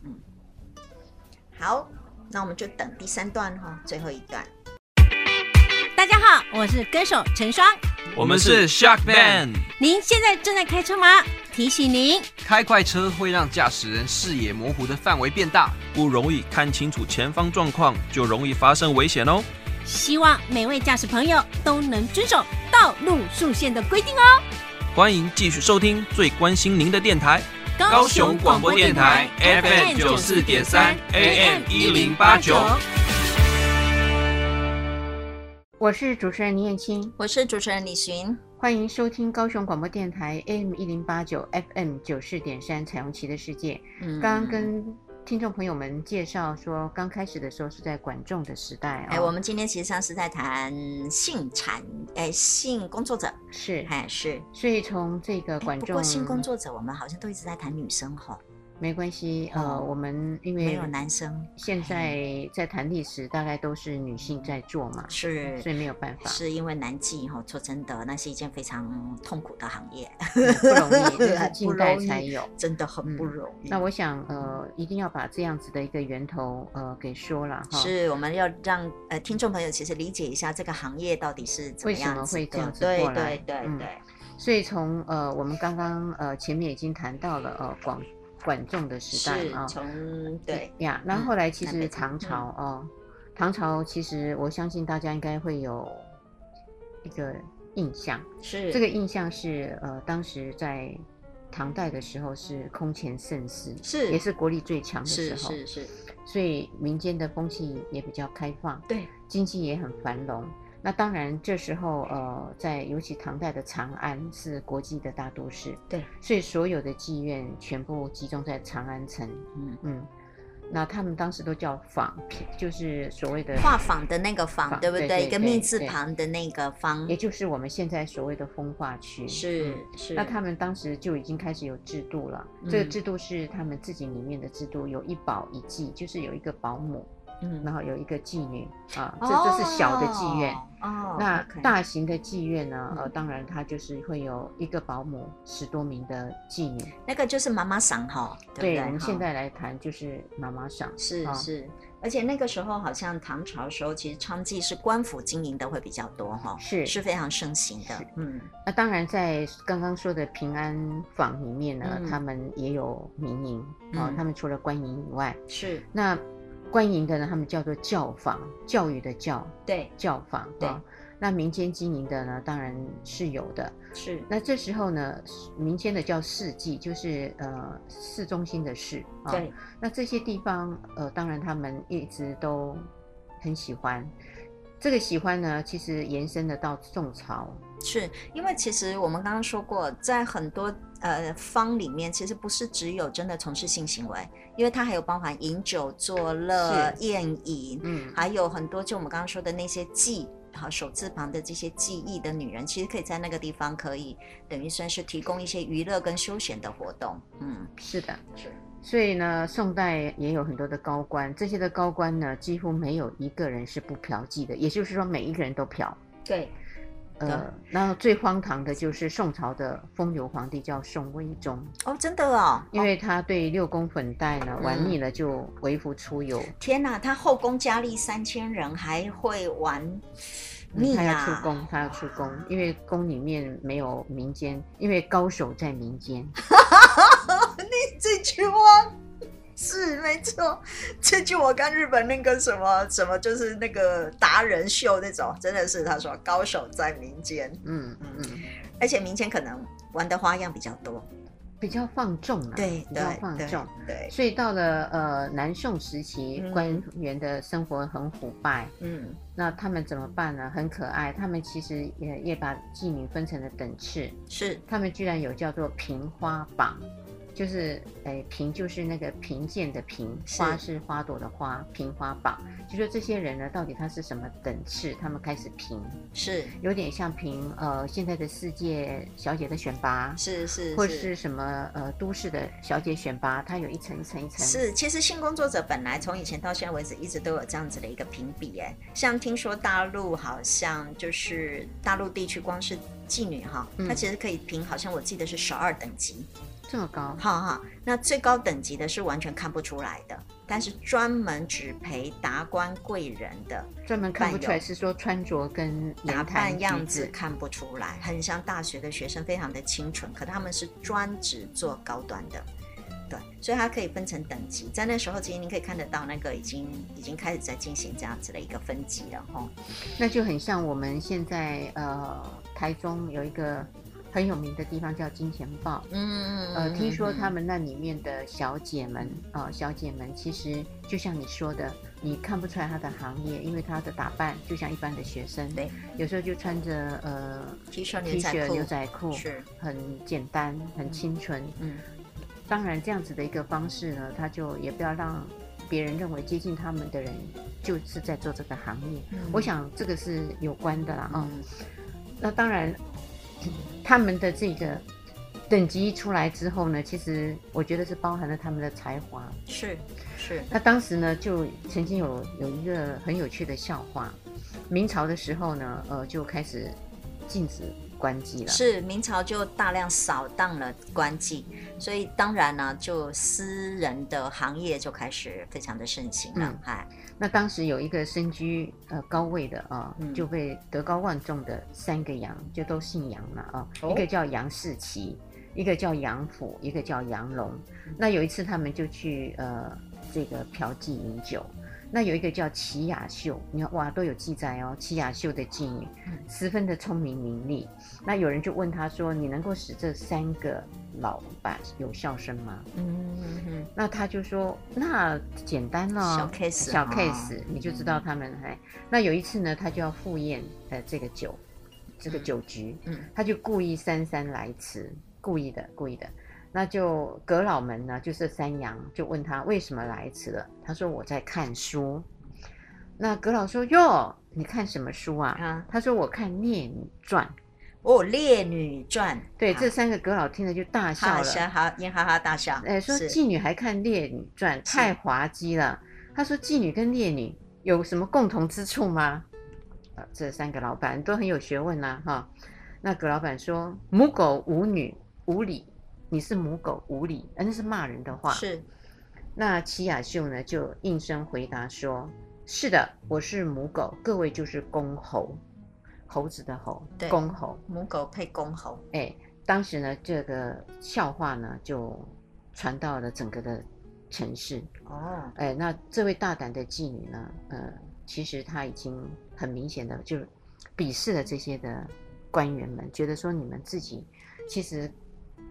嗯好，那我們就等第三段哈，最後一段。大家好，我是歌手陳雙，我們是 Shark Man。您現在正在開車嗎？提醒您，開快車會讓駕駛人視野模糊的範圍變大，不容易看清楚前方狀況，就容易發生危險哦。希望每位駕駛朋友都能遵守道路速限的規定哦。歡迎繼續收聽最關心您的電台。高雄廣播電台 FM 九四點三 AM 一零八九，我是主持人李彥青，我是主持人李尋，歡迎收聽高雄廣播電台 AM 一零八九 FM 九四點三彩虹旗的世界，嗯、剛剛跟。聽眾朋友們介紹說，剛開始的時候是在管仲的時代啊、哦。哎，我們今天其實上是在談性產，哎，性工作者是，哎是。所以從這個管仲，哎，不過性工作者，我們好像都一直在談女生、哦沒關係、嗯，呃，我們因為沒有男生，現在在談歷史，大概都是女性在做嘛、嗯，是，所以沒有辦法，是因為男性哈。說真的，那是一件非常痛苦的行業，不容易， 不容易，近代才有，真的很不容易、嗯。那我想，呃，一定要把這樣子的一個源頭，呃，給說了哈，是，我們要讓呃聽眾朋友其實理解一下這個行業到底是怎麼樣子，為什麼會這樣子、嗯，對對對對。嗯、所以從呃我們剛剛呃前面已經談到了呃廣。廣管仲的時代啊，從、哦、對呀，那、yeah, 嗯、後來其實唐朝哦、嗯，唐朝其實我相信大家應該會有一個印象，是這個印象是呃，當時在唐代的時候是空前盛世，是也是國力最強的時候，是是，是，是，所以民間的風氣也比較開放，對，經濟也很繁榮。那當然，這時候，呃，在尤其唐代的長安是國際的大都市，對，所以所有的妓院全部集中在長安城。嗯嗯，那他們當時都叫坊，就是所謂的房畫房的那個坊，對不對？對對對對，一個“密”字旁的那個房，對對，也就是我們現在所謂的風化區。是、嗯、是。那他們當時就已經開始有制度了、嗯，這個制度是他們自己裡面的制度，有一保一妓，就是有一個保姆。嗯，然後有一個妓女、哦、啊，這這是小的妓院哦。哦，那大型的妓院呢、嗯？呃，當然它就是會有一個保姆，十多名的妓女。那個就是媽媽桑哈、哦，對對，對？我們現在來談就是媽媽桑。是是、哦，而且那個時候好像唐朝的時候，其實娼妓是官府經營的會比較多哈、哦。是是非常盛行的。嗯，那當然在剛剛說的平安坊裡面呢，嗯、他們也有民營啊，嗯、他們除了官營以外是那。官營的呢，他們叫做教坊，教育的教，對，教坊、哦，對。那民間經營的呢，當然是有的，是。那這時候呢，民間的叫市集，就是呃，市中心的市、哦，對。那這些地方，呃，當然他們一直都很喜歡，這個喜歡呢，其實延伸的到宋朝，是因為其實我們剛剛說過，在很多。呃，坊裡面其實不是只有真的從事性行為，因為它還有包含飲酒作樂、宴飲、嗯，還有很多就我們剛剛說的那些妓好手字旁的這些技藝的女人，其實可以在那個地方可以等於算是提供一些娛樂跟休閒的活動。嗯，是的，是。所以呢，宋代也有很多的高官，這些的高官呢，幾乎沒有一個人是不嫖妓的，也就是說每一個人都嫖。對。呃，那最荒唐的就是宋朝的風流皇帝叫宋徽宗哦，真的哦，因為他對六宮粉黛呢、哦、玩膩了就，就微服出遊。天哪，他後宮佳麗三千人，還會玩膩、啊嗯、要出宮，他要出宮、哦，因為宮裡面沒有民間，因為高手在民間。 你自己去問。是沒錯，這就我看日本那個什麼什麼，就是那個達人秀那種，真的是他說高手在民間，嗯嗯嗯，而且民間可能玩的花樣比較多，比較放縱啊。對，比較放縱，對。所以到了呃南宋時期，嗯，官員的生活很腐敗，嗯，那他們怎麼辦呢？很可愛，他們其實也也把妓女分成了等次，是，他們居然有叫做平花榜，就是，誒，評就是那個評鑑的評，花是花朵的花，評花榜，就說這些人呢，到底他是什麼等次，他們開始評，是有點像評，呃，現在的世界小姐的選拔，是是，是，或是什麼，呃，都市的小姐選拔，它有一層一層一層。是，其實性工作者本來從以前到現在為止，一直都有這樣子的一個評比，哎，像聽說大陸好像就是大陸地區，光是妓女哈，她、嗯、其實可以評，好像我記得是十二等級。這麼高，好好，那最高等級的是完全看不出來的，但是專門只陪達官貴人的。專門看不出來是說穿着跟打扮樣子看不出來，嗯、很像大學的學生，非常的清純，可他們是專職做高端的，對，所以它可以分成等級，在那時候其實您可以看得到那個已經已經開始在進行這樣子的一個分級了哈、嗯，那就很像我們現在呃台中有一個，很有名的地方叫金錢豹，嗯，嗯，嗯，嗯，嗯呃，聽說他們那裡面的小姐們啊、嗯嗯嗯呃，小姐們其實就像你說的，你看不出來她的行業，因為她的打扮就像一般的學生，對，有時候就穿着呃 T 恤、呃、T 恤、牛仔 T 牛仔褲，是，很簡單，很清純，嗯，嗯，嗯，當然這樣子的一個方式呢，他就也不要讓別人認為接近他們的人就是在做這個行業、嗯，我想這個是有關的啦，啊、嗯嗯，那當然。他們的這個等級出來之後呢，其實我覺得是包含了他們的才華，是是。那當時呢，就曾經有有一個很有趣的笑話，明朝的時候呢，呃，就開始禁止官妓了，是明朝就大量掃蕩了官妓。所以當然呢，就私人的行業就開始非常的盛行了，嗯那當時有一個身居呃高位的啊、哦嗯，就被德高望重的三個楊就都姓楊了啊，一個叫楊士奇，一個叫楊溥，一個叫楊龍。那有一次他們就去呃這個嫖妓飲酒。那有一個叫齊雅秀，你看哇，都有記載哦。齊雅秀的妓女十分的聰明伶俐。那有人就問他說：“你能夠使這三個老板有笑聲嗎？”嗯，嗯，嗯那他就說：“那簡單了、哦，小 case，小 case，、哦、你就知道他們嘿、嗯、那有一次呢，他就要赴宴，的、呃、這個酒，這個酒局，嗯，他、嗯、就故意姍姍來遲，故意的，故意的。那就閣老們呢，就是三楊就問他為什麼來遲了？他說，我在看書。那閣老說：“喲，你看什麼書啊？”啊他說：“我看《烈女傳》。”哦，《烈女傳》。對、啊，這三個閣老聽了就大笑了。好、啊，你、啊、哈哈大笑。哎、欸，說妓女還看女《烈女傳》，太滑稽了。他說妓女跟烈女有什麼共同之處嗎？這三個老板都很有學問吶、啊，哈。那葛老板說：“母狗無女，無理。”你是母狗無理啊，呃，那是罵人的話。是，那齊雅秀呢就應聲回答說：“是的，我是母狗，各位就是公猴，猴子的猴，對公猴，母狗配公猴。欸”哎，當時呢，這個笑話呢就傳到了整個的城市。哦，哎、欸，那這位大膽的妓女呢，呃，其實她已經很明顯的就鄙視了這些的官員們，覺得說你們自己其實。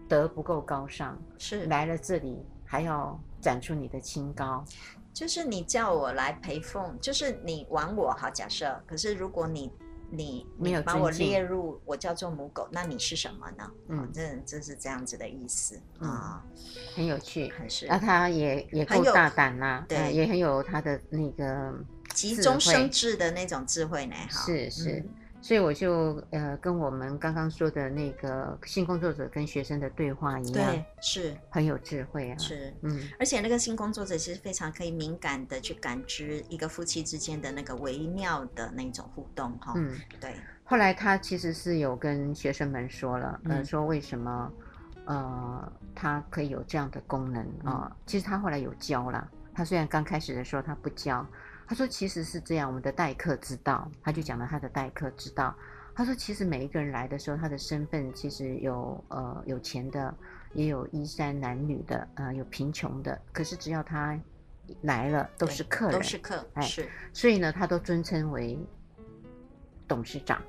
德不夠高尚，是來了這裡還要展出你的清高，就是你叫我來陪奉，就是你玩我好假設，可是如果你你沒有你把我列入，我叫做母狗，那你是什麼呢？嗯，哦、這這是這樣子的意思啊、嗯嗯，很有趣，很，那、啊、他也也夠大膽啦、啊，對、呃，也很有他的那個急中生智的那種智慧呢，哈，是是。嗯所以我就呃跟我們剛剛說的那個性工作者跟學生的對話一樣，對，是很有智慧啊，是，嗯，而且那個性工作者其實非常可以敏感的去感知一個夫妻之間的那個微妙的那種互動哈、哦，嗯，對。後來他其實是有跟學生們說了，嗯，呃、說為什麼呃他可以有這樣的功能啊、嗯呃，其實他後來有教啦，他雖然剛開始的時候他不教。他說：“其實是這樣，我們的待客之道，他就講了他的待客之道。他說，其實每一個人來的時候，他的身份其實有呃有錢的，也有衣衫襤褸的，呃，有貧窮的。可是只要他來了，都是客人，都是客，哎，是。所以呢，他都尊稱為董事長。”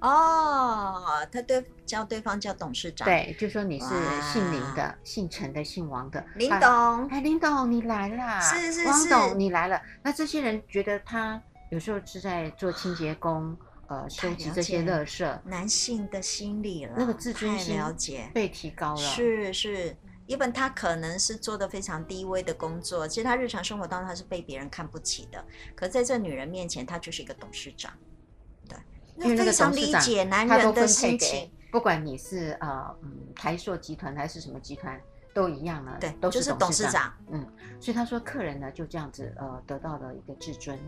哦，他對叫對方叫董事長，對，就說你是姓林的、姓陳的、姓王的。林董，哎、啊，林董你來啦！是是是。王董你來了。那這些人覺得他有時候是在做清潔工，哦、呃，收集這些垃圾。男性的心理了。那個自尊心太了解，被提高了，了。是是，因為他可能是做得非常低微的工作，其實他日常生活當中他是被別人看不起的，可在這女人面前，他就是一個董事長。因為個董事長非常理解男人的心情，他都分配給，不管你是呃嗯台塑集團還是什麼集團，都一樣了，對，都是董事長，就是董事長，嗯，所以他說客人呢就這樣子呃得到了一個至尊，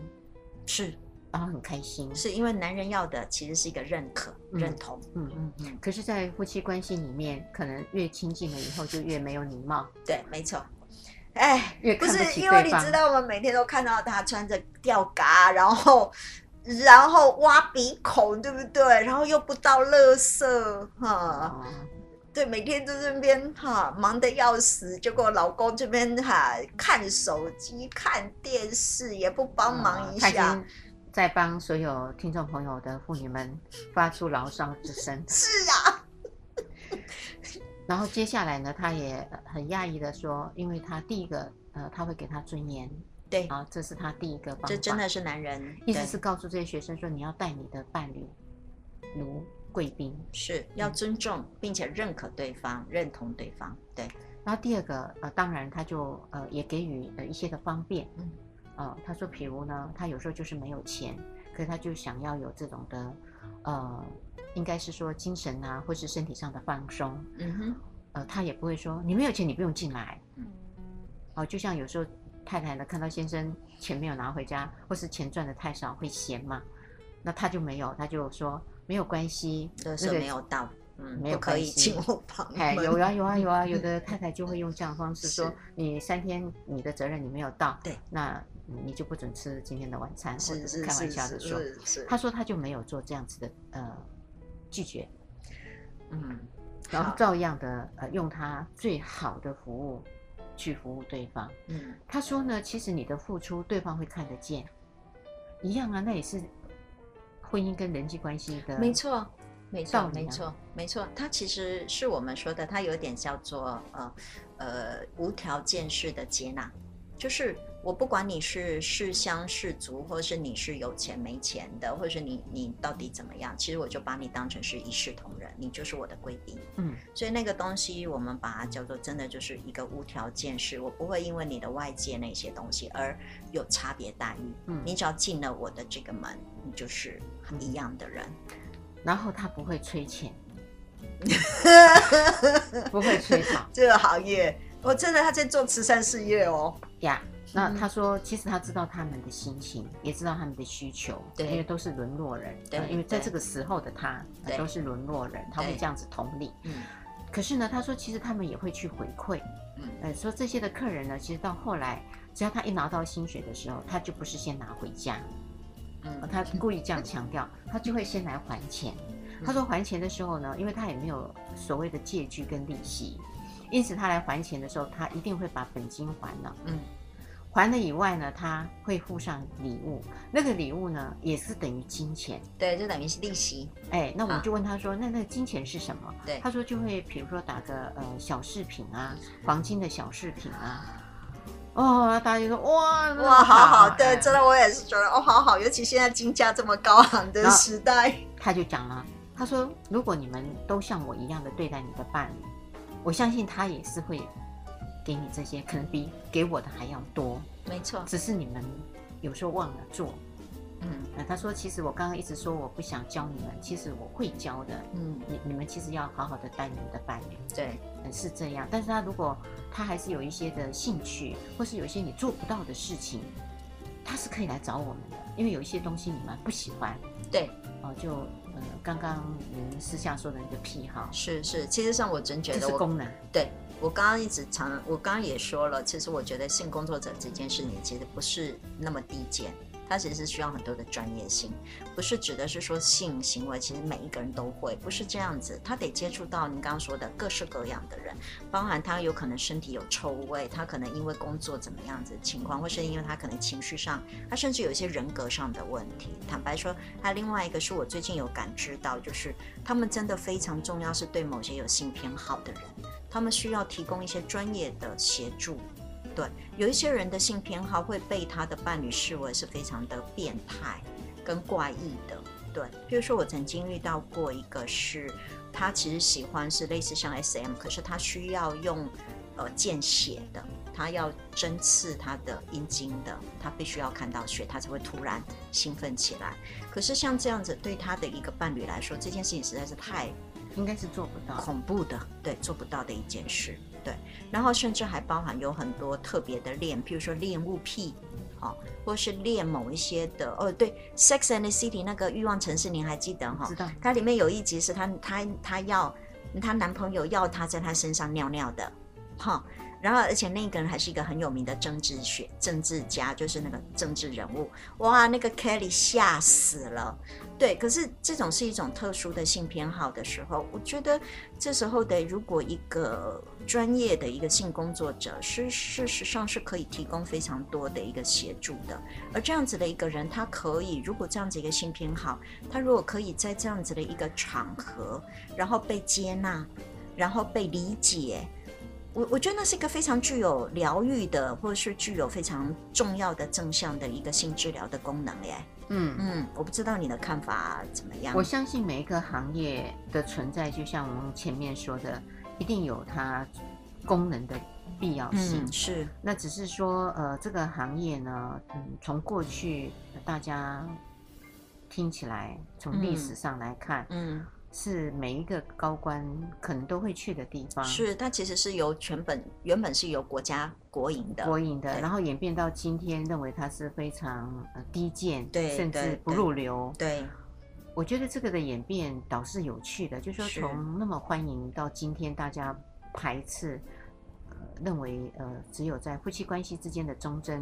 是，然後很開心，是因為男人要的其實是一個認可、嗯、認同，嗯嗯嗯，嗯。可是，在夫妻關係裡面，可能越親近了以後就越沒有禮貌， 對，沒錯，哎，越看不起對方，不是因為你知道我們每天都看到他穿着吊嘎，然後。然後挖鼻孔，對不對？然後又不倒垃圾，哈、啊嗯，對，每天都在那邊哈、啊，忙得要死。結果老公這邊哈、啊，看手機看電視，也不幫忙一下。嗯、在幫所有聽眾朋友的婦女們發出牢騷之聲。是啊， 然後接下來呢，他也很訝異的說，因為他第一個，呃，他會給他尊嚴。對，啊，這是他第一個方法。這真的是男人，意思是告訴這些學生說，你要待你的伴侶如貴賓，是、嗯、要尊重並且認可對方，認同對方。對，然後第二個，呃，當然他就呃也給予一些的方便。嗯，啊、呃，他說，譬如呢，他有時候就是沒有錢，可是他就想要有這種的，呃，應該是說精神啊，或是身體上的放鬆。嗯哼，呃，他也不會說你沒有錢，你不用進來。嗯嗯，好、呃，就像有時候。太太呢，看到先生錢沒有拿回家，或是錢賺得太少會嫌嗎？那他就沒有，他就說沒有關係，責、嗯、任、那個、沒有到，嗯，沒有關係。可以請我朋友、哎，有啊有啊有啊，有的太太就會用這樣方式說，你三天你的責任你沒有到，對，那你就不准吃今天的晚餐，或者是開玩笑的說是是是是是是是，他說他就沒有做這樣子的呃拒絕，嗯，然後照樣的呃用他最好的服務去服務對方，嗯，他說呢，其實你的付出，對方會看得見，一樣啊，那也是婚姻跟人際關係的道理啊，沒錯，沒錯，沒錯，沒錯，他其實是我們說的，他有點叫做呃呃無條件式的接納，就是。我不管你是世鄉世族，或是你是有錢沒錢的，或者是你你到底怎麼樣，其實我就把你當成是一視同仁，你就是我的貴賓。嗯，所以那個東西我們把它叫做真的就是一個無條件事。我不會因為你的外界那些東西而有差別待遇。嗯，你只要進了我的這個門，你就是很一樣的人，嗯。然後他不會催錢， 不會催討。這個行業，我真的他在做慈善事業哦呀。Yeah. 那他說，其實他知道他們的心情，也知道他們的需求，對，因為都是淪落人，對，因為在這個時候的他，他都是淪落人，他會這樣子同理。嗯。可是呢，他說，其實他們也會去回饋，嗯，呃，說這些的客人呢，其實到後來，只要他一拿到薪水的時候，他就不是先拿回家，嗯，他故意這樣強調， 他就會先來還錢，嗯。他說還錢的時候呢，因為他也沒有所謂的借據跟利息，因此他來還錢的時候，他一定會把本金還了，嗯。還了以外呢，他會附上禮物，那個禮物呢也是等於金錢，對，就等於是利息。哎、欸，那我們就問他說、啊，那那個金錢是什麼？對，他說就會比如說打個呃小飾品啊，黃金的小飾品啊。哦，大家就說哇哇，好好、啊，對，真的我也是覺得哦，好好，尤其現在金價這麼高昂的時代，他就講了，他說如果你們都像我一樣的對待你的伴侶，我相信他也是會。給你這些可能比給我的還要多，沒錯。只是你們有時候忘了做，嗯。那、呃、他說，其實我剛剛一直說我不想教你們，其實我會教的，嗯。你你們其實要好好的待你們的伴侶。對、呃，是這樣。但是他如果他還是有一些的興趣，或是有一些你做不到的事情，他是可以來找我們的，因為有一些東西你們不喜歡，對，哦、呃，就呃，剛剛您私下說的那個癖好，是是。其實上我真覺得這是功能，對。我剛剛一直講，我剛剛也說了，其實我覺得性工作者這件事情，你其實不是那麼低賤，他其實需要很多的專業性，不是指的是說性行為，其實每一個人都會，不是這樣子，他得接觸到您剛剛說的各式各樣的人，包含他有可能身體有臭味，他可能因為工作怎麼樣子的情況，或是因為他可能情緒上，他甚至有一些人格上的問題。坦白說，還有另外一個是我最近有感知到，就是他們真的非常重要，是對某些有性偏好的人。他們需要提供一些專業的協助，對，有一些人的性偏好會被他的伴侶視為是非常的變態跟怪異的，對，譬如說我曾經遇到過一個是，是他其實喜歡是類似像 SM，可是他需要用，呃，見血的，他要針刺他的陰莖的，他必須要看到血，他才會突然興奮起來。可是像這樣子，對他的一個伴侶來說，這件事情實在是太。應該是做不到恐怖的，對，做不到的一件事，對。然後甚至還包含有很多特別的戀，譬如說戀物癖，哦，或是戀某一些的哦，對，Sex and the City 那個欲望城市您還記得哈、哦？知道。它裡面有一集是她她她要她男朋友要她在她身上尿尿的，哈、哦。然後，而且那個人還是一個很有名的政治學政治家，就是那個政治人物。哇，那個 Kelly 嚇死了。對，可是這種是一種特殊的性偏好的時候，我覺得這時候的，如果一個專業的一個性工作者是事實上是可以提供非常多的一個協助的。而這樣子的一個人，他可以，如果這樣子一個性偏好，他如果可以在這樣子的一個場合，然後被接納，然後被理解。我我覺得那是一個非常具有療癒的，或者是具有非常重要的正向的一個性治療的功能耶。嗯嗯，我不知道你的看法怎麼樣？我相信每一個行業的存在，就像我們前面說的，一定有它功能的必要性，嗯。是。那只是說，呃，這個行業呢，嗯，從過去大家聽起來，從歷史上來看，嗯。嗯是每一個高官可能都會去的地方。是它其實是由全本原本是由國家國營的，國營的，然後演變到今天，認為它是非常、呃、低賤，對，甚至不入流。對、對、對、呃，我覺得這個的演變倒是有趣的，就是、說從那麼歡迎到今天大家排斥，呃、認為呃只有在夫妻關係之間的忠貞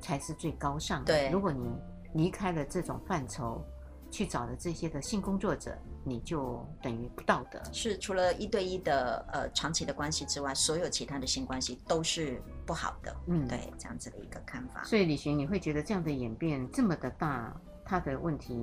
才是最高尚的。對，如果你離開了這種範疇，去找的這些的性工作者，你就等於不道德。是，除了一對一的呃長期的關係之外，所有其他的性關係都是不好的。嗯，對，這樣子的一個看法。所以李尋，你會覺得這樣的演變這麼的大，他的問題，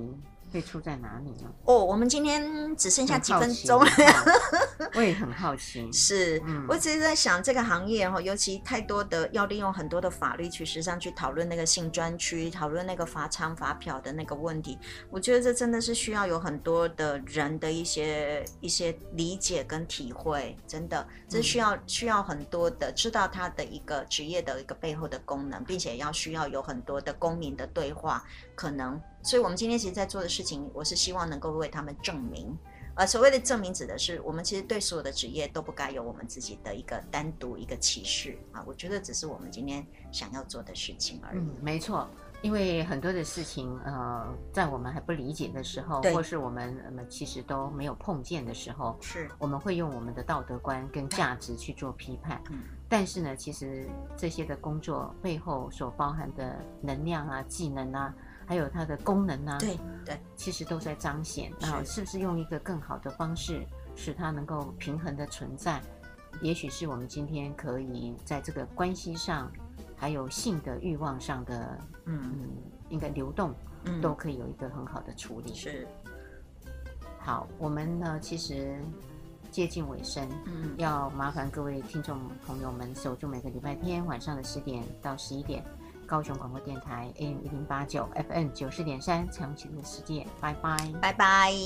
會出在哪裡呢？哦，我們今天只剩下幾分鐘了， 我也很好奇。是，嗯、我只是在想這個行業哈，尤其太多的要利用很多的法律去實際上去討論那個性專區，討論那個罰娼罰嫖的那個問題。我覺得這真的是需要有很多的人的一些一些理解跟體會，真的，這需要、嗯、需要很多的知道他的一個職業的一個背後的功能，並且要需要有很多的公民的對話，可能。所以，我們今天其實在做的事情，我是希望能夠為他們證明。呃，所謂的證明，指的是我們其實對所有的職業都不該有我們自己的一個單獨一個歧視啊。我覺得，只是我們今天想要做的事情而已。嗯，沒錯。因為很多的事情，呃，在我們還不理解的時候，或是我們，嗯，其實都沒有碰見的時候，是我們會用我們的道德觀跟價值去做批判，嗯。但是呢，其實這些的工作背後所包含的能量啊，技能啊。還有它的功能呢，對對，其實都在彰顯。那是不是用一個更好的方式，使它能夠平衡的存在？也許是我們今天可以在這個關係上，還有性的慾望上的，嗯嗯，應該流動、嗯，都可以有一個很好的處理。是。好，我們呢，其實接近尾聲，嗯，要麻煩各位聽眾朋友們守住每個禮拜天晚上的十點到十一點。高雄廣播電台 AM 一零八九，FM 九四點三，彩虹旗的世界，拜拜，拜拜。